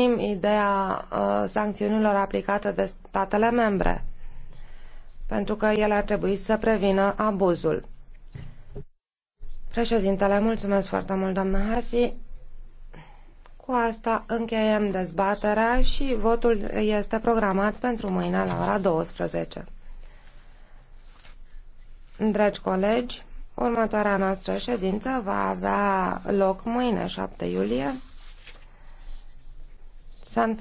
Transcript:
sprijinim ideea uh, sancțiunilor aplicate de statele membre, pentru că ele ar trebui să prevină abuzul. Președintele, mulțumesc foarte mult, doamnă Hasi. Cu asta încheiem dezbaterea și votul este programat pentru mâine la ora 12. Dragi colegi, următoarea noastră ședință va avea loc mâine, 7 iulie. San